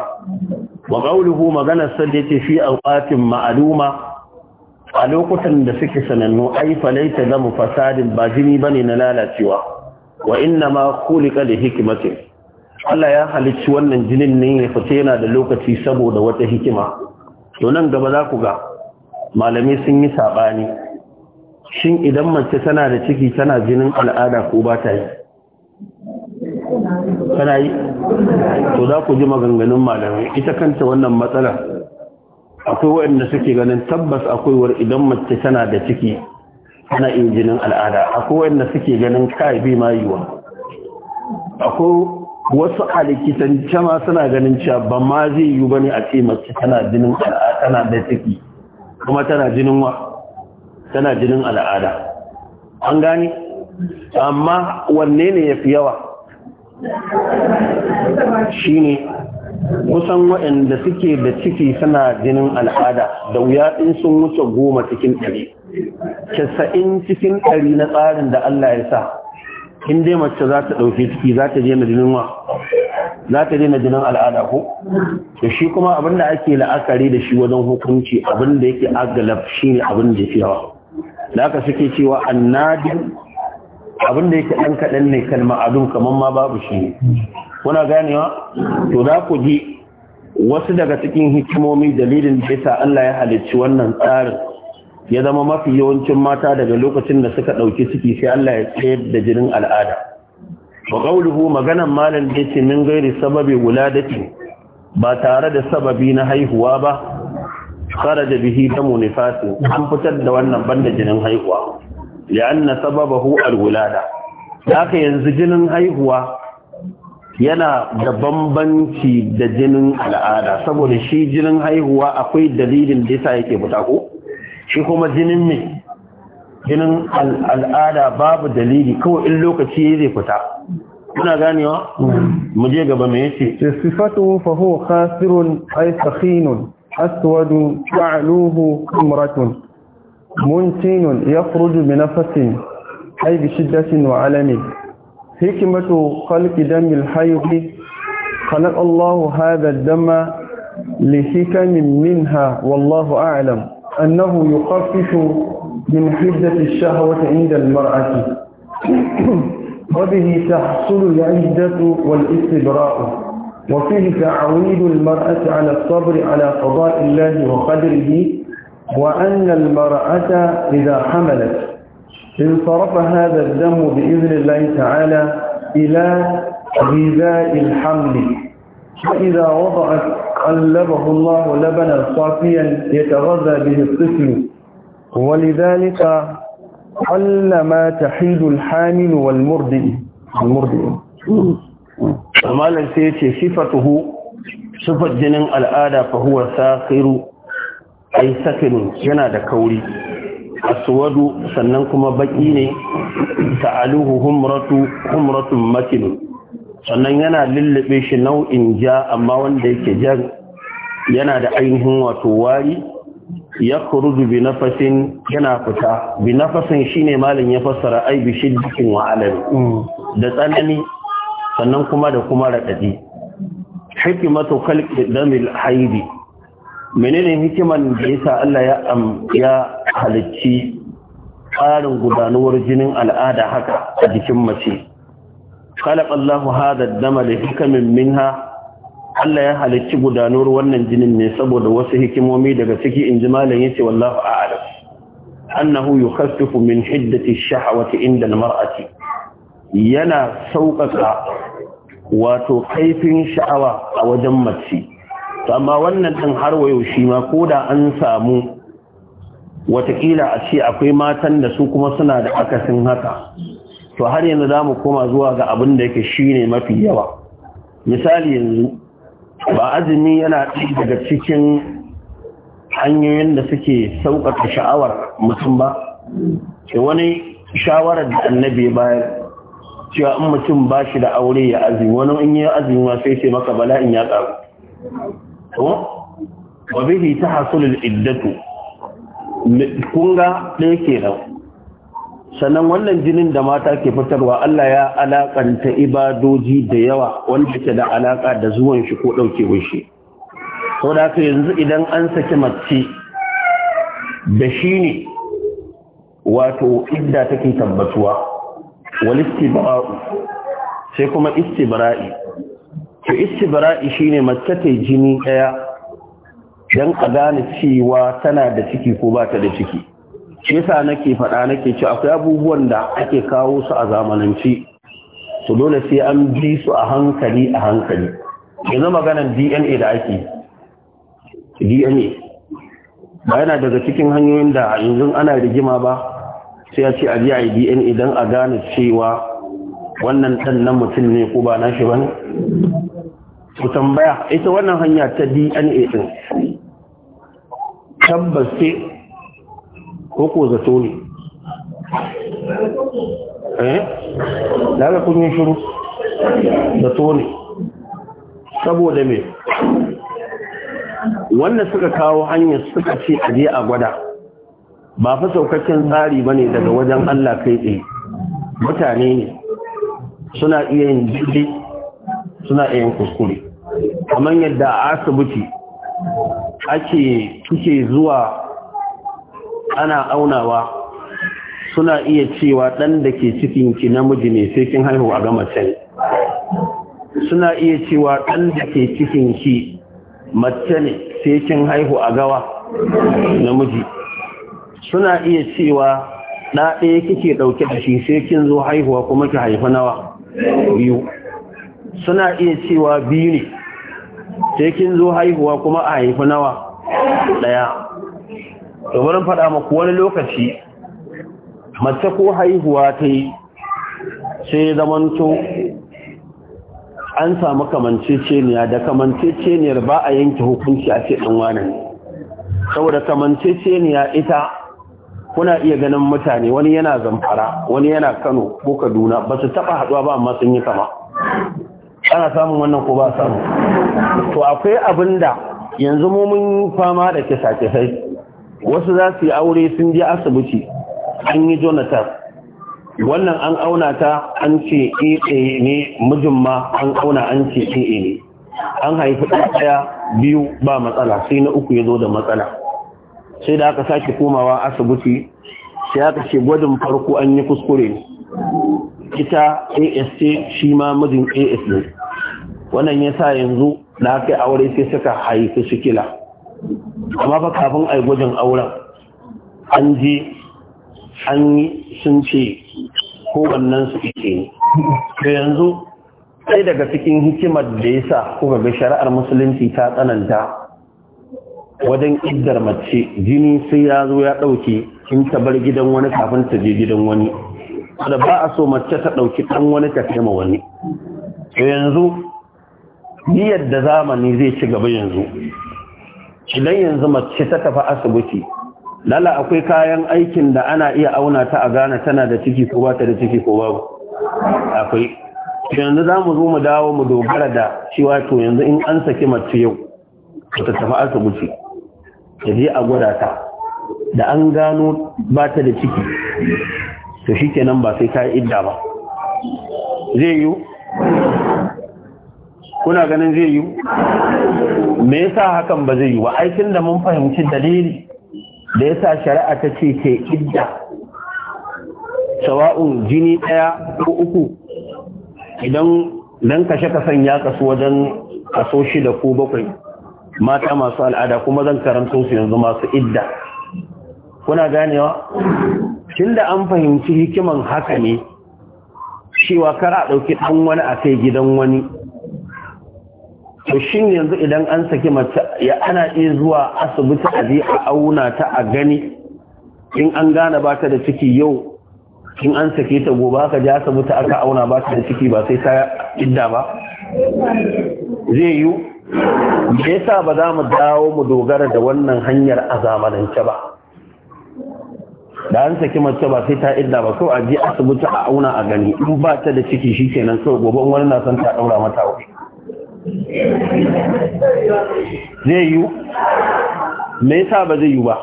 wa qawluhu magana sa da yace fi awqatin ma'aluma. a lokutan da suke sanannu ai falaita zamu fasadin ba jini bane na lalacewa wa inna ma khuliqa li hikmatin Allah ya halicci wannan jinin ne ya fita yana da lokaci saboda wata hikima to nan gaba za ku ga malamai sun yi saɓani shin idan mace tana da ciki tana jinin al'ada ko ba ta yi tana yi to za ku ji maganganun malamai ita kanta wannan matsalar akwai waɗanda suke ganin tabbas akwai war idan mace tana da ciki tana iya jinin al'ada akwai waɗanda suke ganin kai bi ma yiwa akwai wasu a cama suna ganin cewa ba ma zai yi ne a ce mace tana jinin al'ada tana da ciki kuma tana jinin wa tana jinin al'ada an gani amma wanne ne ya fi yawa shi ne kusan waɗanda suke da ciki suna jinin al'ada da wuya ɗin sun wuce goma cikin ɗari casa'in cikin ɗari na tsarin da Allah ya sa in dai mace za ta ɗauke ciki za ta daina jinin wa za ta daina jinin al'ada ko da shi kuma abin da ake la'akari da shi wajen hukunci abin da yake agalaf shi abin da fi yawa da aka suke cewa annabi abin da yake ɗan kaɗan ne kalma adun kamar ma babu shi ne kuna ganewa to za ku ji wasu daga cikin hikimomi dalilin da yasa Allah ya halicci wannan tsarin ya zama mafi yawancin mata daga lokacin da suka ɗauki ciki sai Allah ya tsayar da jinin al'ada wa qawluhu maganan malam da yace min gairi sababi wuladati ba tare da sababi na haihuwa ba da bihi ta munifasi an fitar da wannan banda jinin haihuwa li'anna sababahu al-wulada haka yanzu jinin haihuwa yana da bambanci da jinin al'ada saboda shi jinin haihuwa akwai dalilin da yasa yake fita ko shi kuma jinin mai jinin al'ada babu dalili kawai in lokaci zai fita kuna ganewa mu je gaba me yace sifatu fa huwa khasirun ay sakhinun aswadu ta'luhu umratun muntinun yakhruju bi nafasin ay bi shiddatin wa alamin hikmatu khalqi damil hayd خلق الله هذا الدم لحكم منها أنه يخفف من حدة الشهوة عند المرأة وبه تحصل العدة والاستبراء وفيه تعويد المرأة على الصبر على قضاء الله وقدره وأن المرأة إذا حملت انصرف هذا الدم بإذن الله تعالى إلى غذاء الحمل فإذا وضعت قلبه الله لبنا صافيا يتغذى به الطفل ولذلك قل ما تحيد الحامل والمرضع المرضع malam sai ya ce sifatuhu sifar jinin al'ada fa huwa sakiru yana da kauri aswadu sannan kuma baki ne ta'aluhu humratu humratun sannan yana lullube shi nau'in ja amma wanda yake jan yana da ainihin wato wari ya kurudu bi nafasin yana fita bi nafasin shine malin ya fassara ai bi shiddikin wa'alar mm. da tsanani sannan kuma da kuma raɗaɗi hikimatu Kalki damil haidi menene hikiman da ya sa Allah ya ya halicci tsarin gudanuwar jinin al'ada haka a jikin mace خلق الله هذا الدم لحكم منها Allah ya halicci gudanar wannan jinin ne saboda wasu hikimomi daga ciki in ji malam yace wallahu a'lam annahu yukhaffifu min hiddati ash-shahawati inda al-mar'ati yana sauƙaƙa wato kaifin sha'awa a wajen mace amma wannan din har wayo shi ma koda an samu Wataƙila a ce akwai matan da su kuma suna da akasin haka to har yanzu za mu koma zuwa ga abin da yake shi ne mafi yawa misali yanzu ba azumi yana daga cikin hanyoyin da suke sauƙaƙa sha'awar mutum ba ke wani shawarar da annabi bayar cewa in mutum ba shi da aure ya azumi wani in yi azumi ma sai sai maka bala'in ya ƙaru wa bihi ta hasulul iddatu kun ga ɗaya kenan sannan wannan jinin da mata ke fitarwa Allah ya alakanta ibadoji da yawa wanda ke da alaka da zuwan shi ko ɗaukewar shi sau da haka yanzu idan an saki mace da shi ne wato idda take tabbatuwa wal istibra'u sai kuma istibra'i to istibra'i shine mace ta jini daya dan a gane cewa tana da ciki ko ba ta da ciki shi yasa nake faɗa nake cewa akwai abubuwan da ake kawo su a zamanance to dole sai an bi su a hankali a hankali yanzu maganan DNA da ake DNA ba yana daga cikin hanyoyin da yanzu ana rigima ba sai a ce a ji a yi DNA don a gane cewa wannan ɗan nan mutum ne ko ba nashi ba ne ku tambaya ita wannan hanya ta DNA din tabbas sai ko ko zato ne eh daga kun yi shiru zato ne saboda me wanda suka kawo hanyar suka ce a je a gwada ba fa saukakken tsari bane daga wajen Allah kai tsaye mutane ne suna iya yin daidai suna iya yin kuskure kamar yadda a asibiti ake kuke zuwa ana aunawa suna iya cewa ɗan da ke cikinki namiji ne sai kin haihu a gama can suna iya cewa ɗan da ke cikinki mace ne sai kin haihu a gawa namiji suna iya cewa ɗa ɗaya kike ɗauke da shi sai kin zo haihuwa kuma ki haifa nawa biyu suna iya cewa biyu ne sai kin zo haihuwa kuma a haifa nawa ɗaya to bari faɗa maku wani lokaci mace ko haihuwa ta yi sai zamanto an samu kamanceceniya da kamanceceniyar ba a yanke hukunci a ce ɗan saboda kamanceceniya ita kuna iya ganin mutane wani yana zamfara wani yana kano ko kaduna ba su taɓa haɗuwa ba amma sun yi kama ana samun wannan ko ba samu to akwai abinda yanzu mu mun fama da kisa-kisai wasu za su yi aure sun je asibiti an yi jonathan wannan an auna ta an ce ee ne mijin ma an auna an ce ee ne an haifi ɗaya biyu ba matsala sai na uku ya zo da matsala sai da aka sake komawa asibiti sai aka ce gwajin farko an yi kuskure ita asc shi ma mijin as ne wannan ya sa yanzu da aka yi aure sai suka haifi shikila amma ba kafin a yi gwajin auren an je an yi sun ce kowannen su ike ne da yanzu sai daga cikin hikimar da ya sa kuka ga shari'ar musulunci ta tsananta wajen iddar mace jini sai ya zo ya ɗauke in ta bar gidan wani kafin ta je gidan wani wadda ba a so mace ta ɗauki ɗan wani ta kai ma wani yanzu niyyar da zamani zai ci gaba yanzu idan yanzu mace ta tafi asibiti lala akwai kayan aikin da ana iya auna ta a gane tana da ciki ko ba ta da ciki ko babu akwai yanzu za mu zo mu dawo mu dogara da cewa to yanzu in an saki mace yau ta tafi asibiti ta je a gwada ta da an gano ba ta da ciki to shikenan ba sai ta yi idda ba zai yiwu kuna ganin zai yi me yasa hakan ba zai yi ba ai tunda mun fahimci dalili da yasa shari'a ta ce ke idda sawa'un jini ɗaya ko uku idan dan kashe kasan ya kasu wajen kaso shida ko bakwai mata masu al'ada kuma zan karanto su yanzu masu idda kuna ganewa tunda an fahimci hikiman haka ne cewa kar a ɗauki ɗan wani a kai gidan wani to shin yanzu idan an saki mace ya ana iya zuwa asibiti a je a auna ta a gani in an gane ba ta da ciki yau in an sake ta gobe aka je asibiti aka auna ba ta da ciki ba sai ta idda ba zai yiwu me yasa ba za mu dawo mu dogara da wannan hanyar a zamanance ba da an saki mace ba sai ta idda ba kawai a je asibiti a auna a gani in ba ta da ciki shikenan kawai gobe wani na son ta daura mata aure zai yi me yasa ba zai yi ba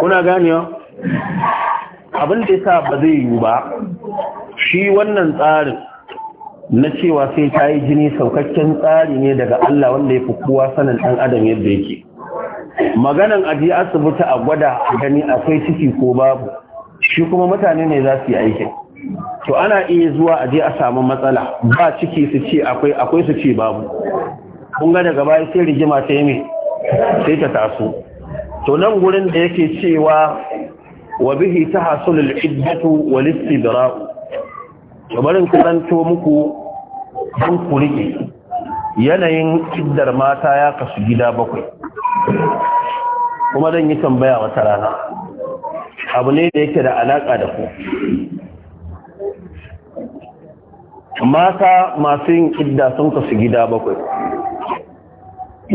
kuna gani abin da yasa ba zai yi ba shi wannan tsarin na cewa sai ta yi jini saukakken tsari ne daga Allah wanda ya fi kowa sanin ɗan adam yadda yake maganan aji asibiti a gwada gani akwai ciki ko babu shi kuma mutane ne za su yi aikin to ana iya zuwa a je a samu matsala ba ciki su ce akwai akwai su ce babu kun ga daga baya sai rigima ta yi sai ta taso to nan gurin da yake cewa wa bihi tahsulul iddatu wal istidra'u to barin to muku ku rike yanayin iddar mata ya kasu gida bakwai kuma zan yi tambaya wata rana abu ne da yake da alaka da ku mata masu yin idda sun kasu gida bakwai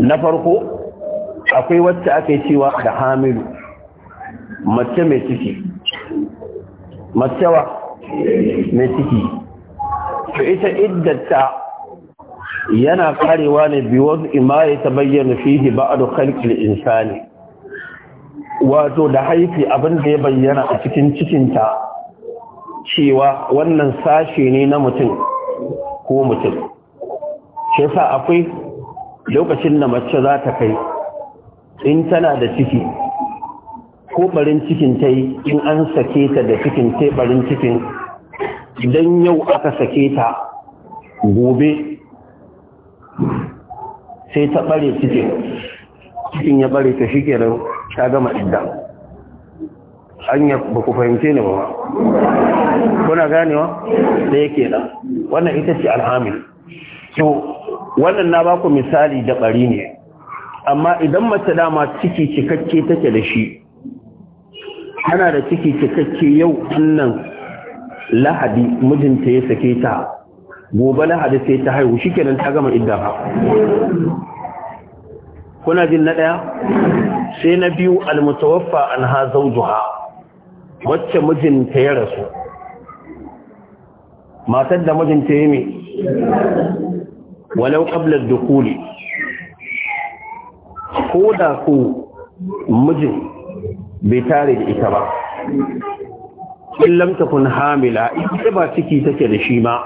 na farko akwai wacce ake cewa da hamilu mace mai ciki macewa mai ciki to ita iddata yana karewa ne biyu imaye ta bayyana fihi ba'adu khalqil insani wato da haifi abin da ya bayyana a cikin cikinta cewa wannan sashe ne na mutum ko mutum shi yasa akwai lokacin da mace za ta kai in tana da ciki ko barin cikin ta yi in an sake ta da cikin ta barin cikin idan yau aka sake ta gobe sai ta bare cikin cikin ya ɓare ta shi kenan ta gama idan anya ba ku fahimce ne ba kuna wa? da yake nan wannan ita ce alhamil to wannan na baku misali da bari ne amma idan mace dama ciki cikakke take da shi tana da ciki cikakke yau nan lahadi mijinta ya sake ta gobe lahadi sai ta haihu shi kenan ta gama idda ba kuna jin na ɗaya? sai na biyu almutawaffa an ha zaujuha wacce mijinta ya rasu matar da mijinta ya mai walau ƙablar da kuli ko da ku mijin bai tare da ita ba illam kun hamila ita ba ciki take da shi ma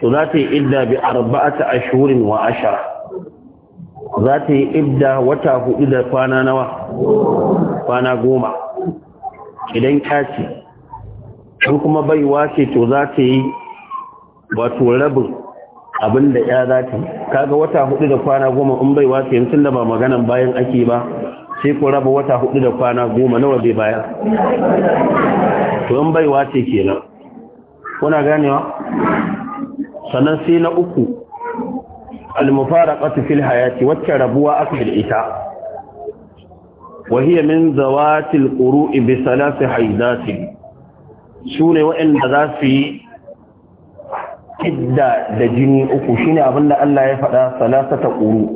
Su za ta yi idda bi arba'ata ashurin wa ashara za ta yi idda wata hudu da kwana nawa kwana goma idan kaci ce in kuma baiwa ce to za ta yi wato rabin abin da ya za ta kaga wata hudu da kwana goma in baiwa ce yanzu da ba maganan bayan ake ba sai ku raba wata hudu da kwana goma nawa bai baya to in baiwa ce kenan kuna ganewa sannan sai na uku al-mufaraqatu fil hayati wacce rabuwa aka da ita وهي من ذوات القروء بثلاث حيزات شنو وين ذا في إدى دجني اكو شنو ابن الله يا فدا ثلاثه قروء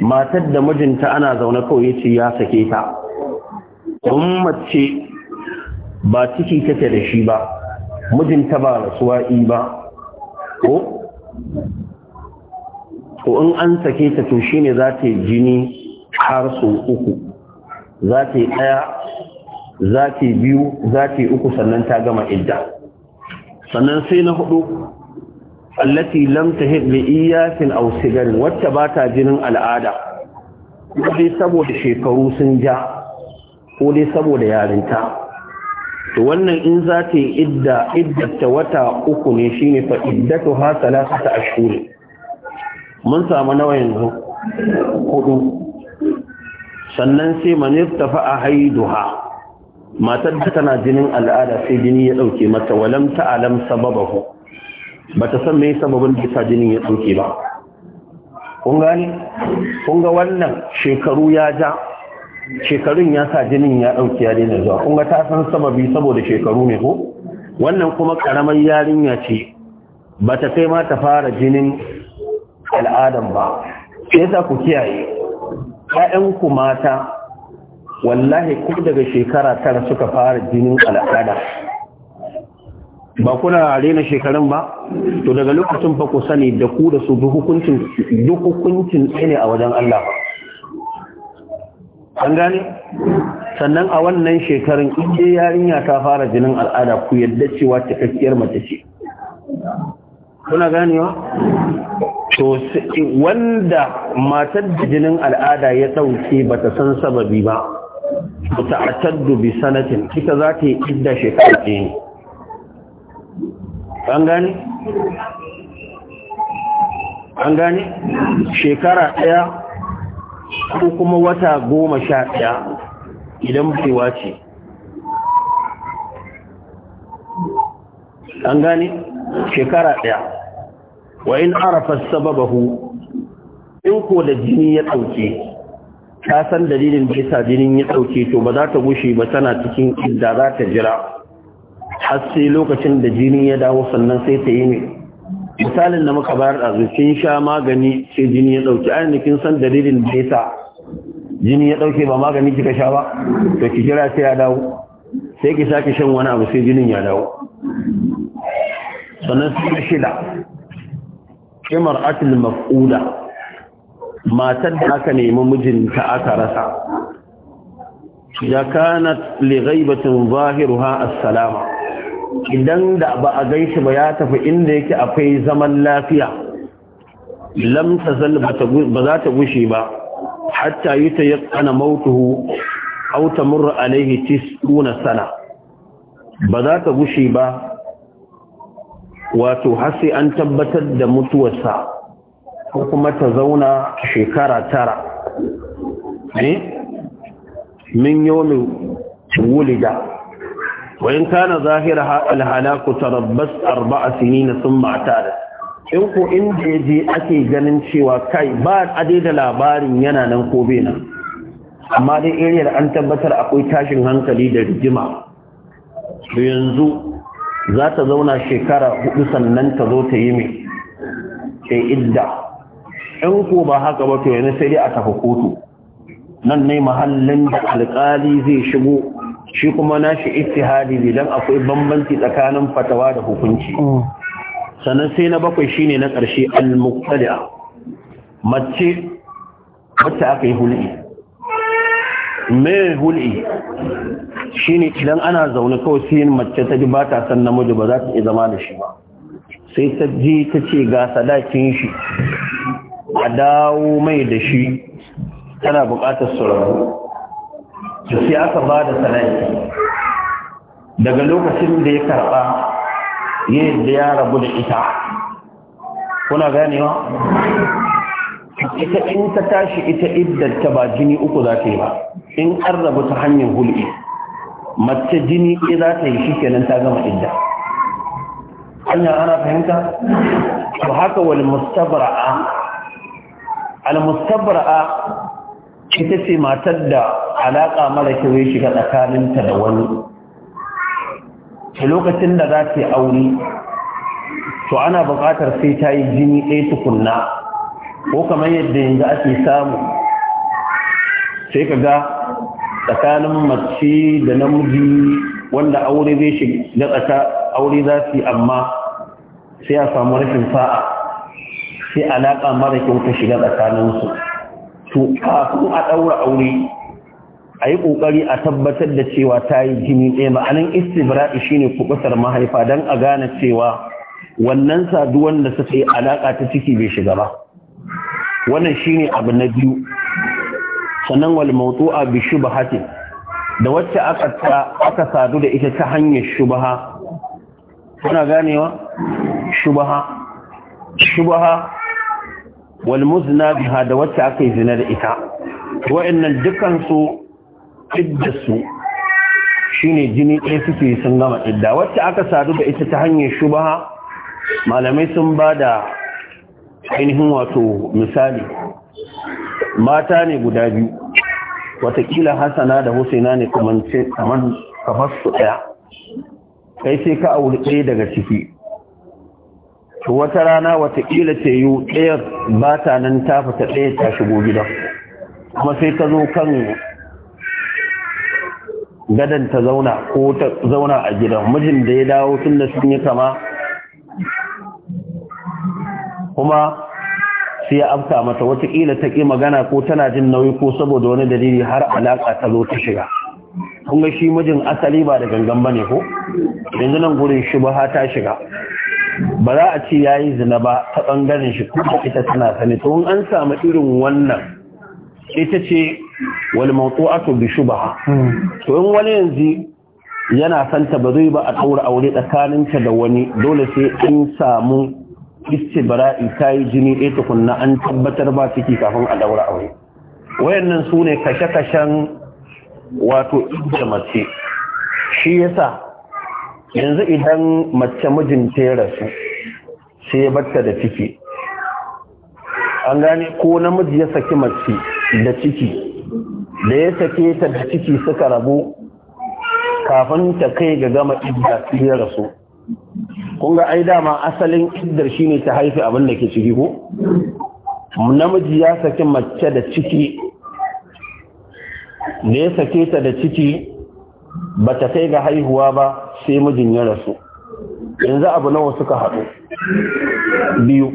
ما تد مجنت انا زونه كو يتي يا سكيتا امتي با تيكي take دشي با مجنت با رسوائي با او ko to in an sake ta to shine za ta jini har su uku za ta yi ɗaya za ta yi biyu za ta yi uku sannan ta gama idda sannan sai na hudu allati lam tahid li iyasin aw sigarin wacce ba ta jinin al'ada ko dai saboda shekaru sun ja ko dai saboda yarinta to wannan in za ta yi idda iddata wata uku ne shine fa iddatu ha salasata ashhur mun samu nawa yanzu hudu sannan sai tafi a haiduha matar da tana jinin al'ada sai jini ya dauke mata walam alam sababahu ta san me sababin da sa jinin ya dauke ba kun gani kun ga wannan shekaru ya ja shekarun ya sa jinin ya dauke ya daina zuwa kun ga ta san sababi saboda shekaru ne ko wannan kuma karamar yarinya ce Ba ta kai ma ta fara jinin al'adan ba sai ta ku kiyaye ku mata wallahi ko daga shekara tara suka fara jinin al'ada ba kuna na shekarun ba to daga lokacin ba ku sani da ku da su duk hukuncin ne a wajen Allah an gane sannan a wannan shekarun inda yarinya ta fara jinin al'ada ku yadda cewa cikakkiyar mace ce kuna ganewa to wanda matar da jinin al'ada ya dauke ta san sababi ba ta ataddu bi sanatin kika za ta yi idda shekaru ɗaya an gani? an gani shekara ɗaya ko kuma wata goma sha ɗaya idan baiwa ce an gani shekara ɗaya wa in arafa sababahu in ko da jini ya ɗauke ta san dalilin da yasa jinin ya ɗauke to ba za ta gushe ba tana cikin idda za ta jira har sai lokacin da jini ya dawo sannan sai ta yi ne misalin da muka bayar da kin sha magani sai jini ya ɗauke ne kin san dalilin da yasa jini ya ɗauke ba magani kika sha ba to ki jira sai ya dawo sai ki sake shan wani abu sai jinin ya dawo sannan sai shida imar atil maf'uda matar da aka nemi mijinta aka rasa ya kanat li ghaibatin zahiruha as-salama idan da ba a gaishi ba ya tafi inda yake akwai zaman lafiya lam tazal ba za ta gushe ba hatta yuta yaqana mautuhu au tamur alayhi 90 sana ba za ta gushe ba wato har sai an tabbatar da mutuwarsa ko kuma ta zauna shekara tara ne eh? min yomi wulida in kana zahira halaku tarabbas arba'a sinina thumma ma'tada in ko inda ya je ake ganin cewa kai ba a da labarin yana nan ko bai nan amma dai iriyar an tabbatar akwai tashin hankali da rigima yanzu za ta zauna shekara hudu sannan ta zo ta yi mai Ke idda in ko ba haka ba to yanzu sai dai a tafi kotu nan ne mahallin da alƙali zai shigo shi kuma nashi ittihadi ne akwai bambanci tsakanin fatawa da hukunci mm. sannan sai na bakwai shine na ƙarshe al-muqtada mace wacce aka yi hulɗi mai hul'i ne idan ana zaune kawai sai yin mace ta ji ba ta san namiji ba za ta iya zama da shi ba sai ta ji ta ce ga sadakin shi a dawo mai da shi tana buƙatar su sai aka ba da sadaki daga lokacin da ya karɓa da ya rabu da ita kuna ganewa ita in ta tashi ita iddar ba jini uku za ta yi ba in an ta hanyar hulɗi mace jini ke za ta yi shi kenan ta gama idda hanyar ana fahimta to haka wani mustabra'a al mustabra'a ita ce matar da alaƙa mara kyau ya shiga tsakaninta da wani a lokacin da za ta yi aure to ana buƙatar sai ta yi jini ɗaya tukunna ko kamar yadda yanzu ake samu sai ka ga tsakanin mace da namiji wanda aure zai shiga tsaka aure za su yi amma sai a samu rashin sa'a sai alaƙa mara kyau ta shiga tsakaninsu to kafin a ɗaura aure a yi ƙoƙari a tabbatar da cewa ta yi jini ɗaya ma'anin istibra'i shine kuɓutar mahaifa don a gane cewa wannan saduwan da suka yi alaƙa ta ciki bai shiga ba wannan shine abu na biyu sannan wal mawdu'a bi shubhatin da wacce aka aka sadu da ita ta hanyar shubha kuna ganewa shubha shubha wal muzna biha da wacce aka yi zina da ita wa'annan dukkan su idda su shine jini ɗaya suke sun gama idda wacce aka sadu da ita ta hanyar shubha malamai sun ba da ainihin wato misali mata ne guda biyu watakila hasana da husaina ne kamance kamar su ɗaya kai sai ka auri ɗaya daga ciki to wata rana watakila ce yi ɗaya ba ta nan ta fita ɗaya ta shigo gida kuma sai ta zo kan gadon ta zauna ko ta zauna a gidan mijin da ya dawo tun da sun yi kama kuma sai ya amsa mata wataƙila ta ƙi magana ko tana jin nauyi ko saboda wani dalili har alaka ta zo ta shiga kun ga shi mijin asali ba da gangan ne ko yanzu nan gurin shi ba ta shiga ba za a ce ya yi zina ba ta ɓangaren shi kuma ita tana sani to an samu irin wannan ita ce wal mawtu'atu bi shubha to in wani yanzu yana santa ba zai ba a ɗaura aure tsakaninta da wani dole sai an samu bara'i ta yi jini ɗaya tukunna an tabbatar ba ciki kafin a daura aure wayannan su ne kashe-kashen wato ibda mace shi yasa yanzu idan mace mijin ta ya rasu sai ya batta da ciki an gane ko namiji ya saki mace da ciki da ya sake ta da ciki suka rabu kafin ta kai ga gama idda ya rasu kun ga ai dama asalin iddar shine ta haifi abin da ke ciki ko namiji ya saki mace da ciki da ya sake ta da ciki ba ta kai ga haihuwa ba sai mijin ya rasu yanzu abu nawa suka haɗu biyu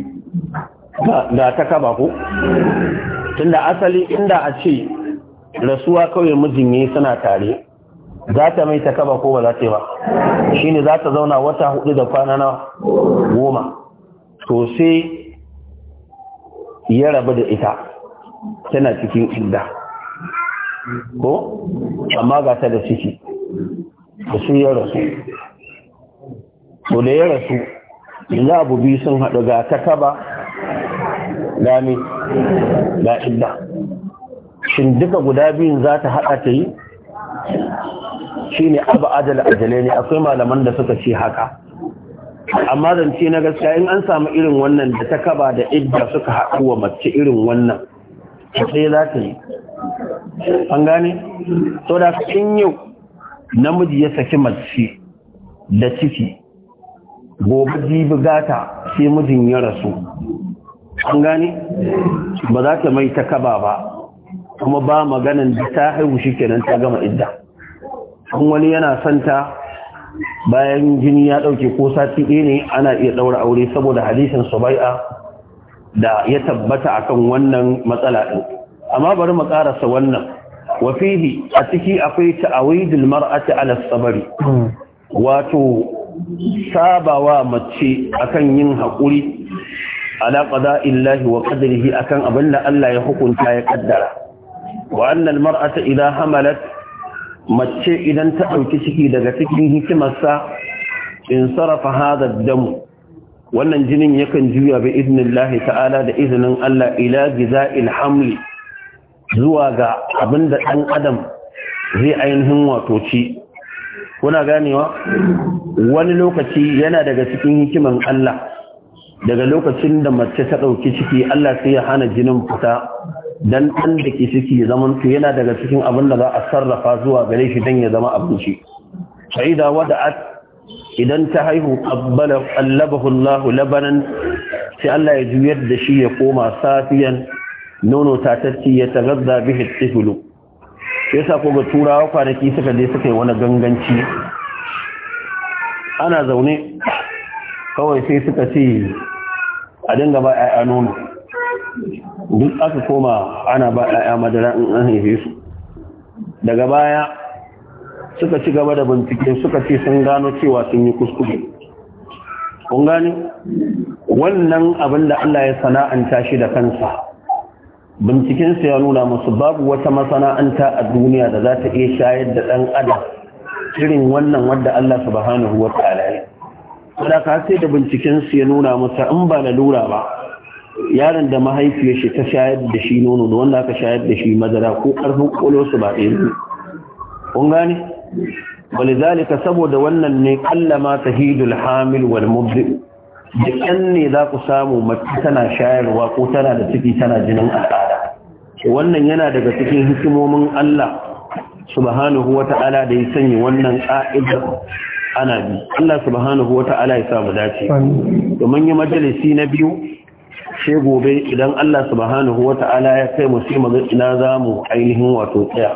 ga ta kaba ko tunda asali inda a ce rasuwa kawai mijin ya suna tare za ta mai ta kaba ko ba za ta yi ba ne za ta zauna wata hudu da kwana na goma to sai ya rabu da ita tana cikin inda. ko amma ga ta da ciki da su ya rasu to da ya rasu za abu biyu sun haɗu ga ta kaba gami ga inda shin duka guda biyun za ta haɗa ta yi Shi ne abu ajal ajalai ne akwai malaman da suka ce haka amma zance na gaskiya in an samu irin wannan da ta kaba da idda suka haɗu wa mace irin wannan sai za ta yi an gane to da in yau namiji ya saki mace da ciki gobe jibi gata sai mijin ya rasu an gane ba za ta mai ta kaba ba kuma ba maganan da ta haihu shi kenan ta gama idda in wani yana santa bayan jini ya ɗauke ko sati ɗaya ne ana iya ɗaura aure saboda hadisin subai'a da ya tabbata akan wannan matsala ɗin amma bari mu ƙarasa wannan wa fihi a ciki akwai ta'awidul mar'ati ala sabari wato sabawa mace akan yin haƙuri ala qada'illahi wa qadarihi akan abin da Allah ya hukunta ya kaddara wa annal mar'ata idha hamalat mace idan ta ɗauki ciki daga cikin hikimarsa in sarrafa hada damu wannan jinin yakan juya bi iznillahi ta'ala da izinin Allah ila giza'il ilhamli, zuwa ga abin da ɗan adam zai ainihin wato ci kuna ganewa wani lokaci yana daga cikin hikiman Allah daga lokacin da mace ta ɗauki ciki Allah sai ya hana jinin fita dan ɗan da ke suke ya zama yana daga cikin abin da za a sarrafa zuwa gare shi dan ya zama abinci shaida wada'at idan ta haihu qabbala qallabahu Allahu labanan sai Allah ya juyar da shi ya koma safiyan nono ta tatti ya tagadda bihi tiflu yasa ko ga turawa kwanaki suka je suka yi wani ganganci ana zaune kawai sai suka ce a dinga ba 'ya'ya nono duk aka koma ana ba ɗaya madara in an haife su daga baya suka ci gaba da bincike suka ce sun gano cewa sun yi kuskure kun gane wannan abin da Allah ya sana'anta shi da kansa bincikensa ya nuna musu babu wata masana'anta a duniya da za ta iya shayar da ɗan adam irin wannan wadda Allah subhanahu wa ta'ala ya. Kada ka sai da bincikensu ya nuna musu in ba lura ba, yaron da mahaifiyar shi ta shayar da shi nono da wanda aka shayar da shi madara ko karfin kolosu ba ɗaya kun gane wani zalika saboda wannan ne kallama ta hidul hamil wal mubdi da ƙyan ne za ku samu mace tana shayarwa ko tana da ciki tana jinin al'ada wannan yana daga cikin hikimomin Allah subhanahu wa ta'ala da ya sanya wannan ƙa'ida ana bi Allah subhanahu wa ta'ala ya samu dace domin yi majalisi na biyu she gobe idan Allah subhanahu wata'ala ya kai mu sai mu ina zamu ainihin wato tsaya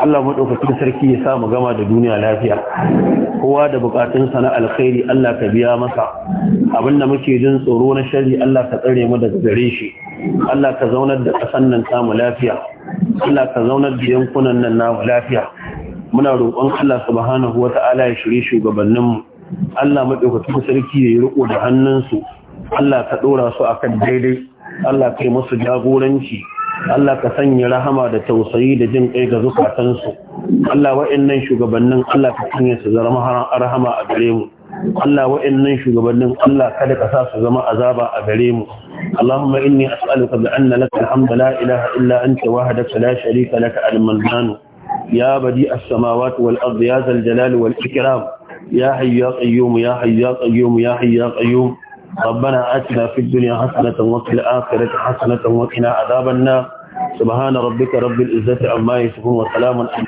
Allah madaukakin sarki ya samu gama da duniya lafiya kowa da bukatun sana alkhairi Allah ka biya masa abinda muke jin tsoro na sharri Allah ka tsare mu daga gare shi Allah ka zaunar da kasan nan samu lafiya Allah ka zaunar da yankunan nan na lafiya muna roƙon Allah subhanahu wata'ala ya shirye shugabanninmu Allah madaukakin sarki ya yi riko da hannunsu Allah ka ɗora su a kan daidai Allah kai musu jagoranci Allah ka sanya rahama da tausayi da jin ƙai ga zukatansu Allah wa'annan shugabannin Allah ka sanya su zama rahama a gare mu Allah wa'annan shugabannin Allah kada ka sa su zama azaba a gare mu Allahumma inni as'aluka bi anna laka alhamdu la ilaha illa anta wahdaka la sharika laka al-mannan ya badi as-samawati wal ardi ya zal jalali wal ikram ya hayyu ya qayyum ya hayyu ya qayyum ya hayyu ya qayyum ربنا آتنا في الدنيا حسنة وفي الآخرة حسنة وقنا عذاب النار سبحان ربك رب العزة عما يصفون وسلام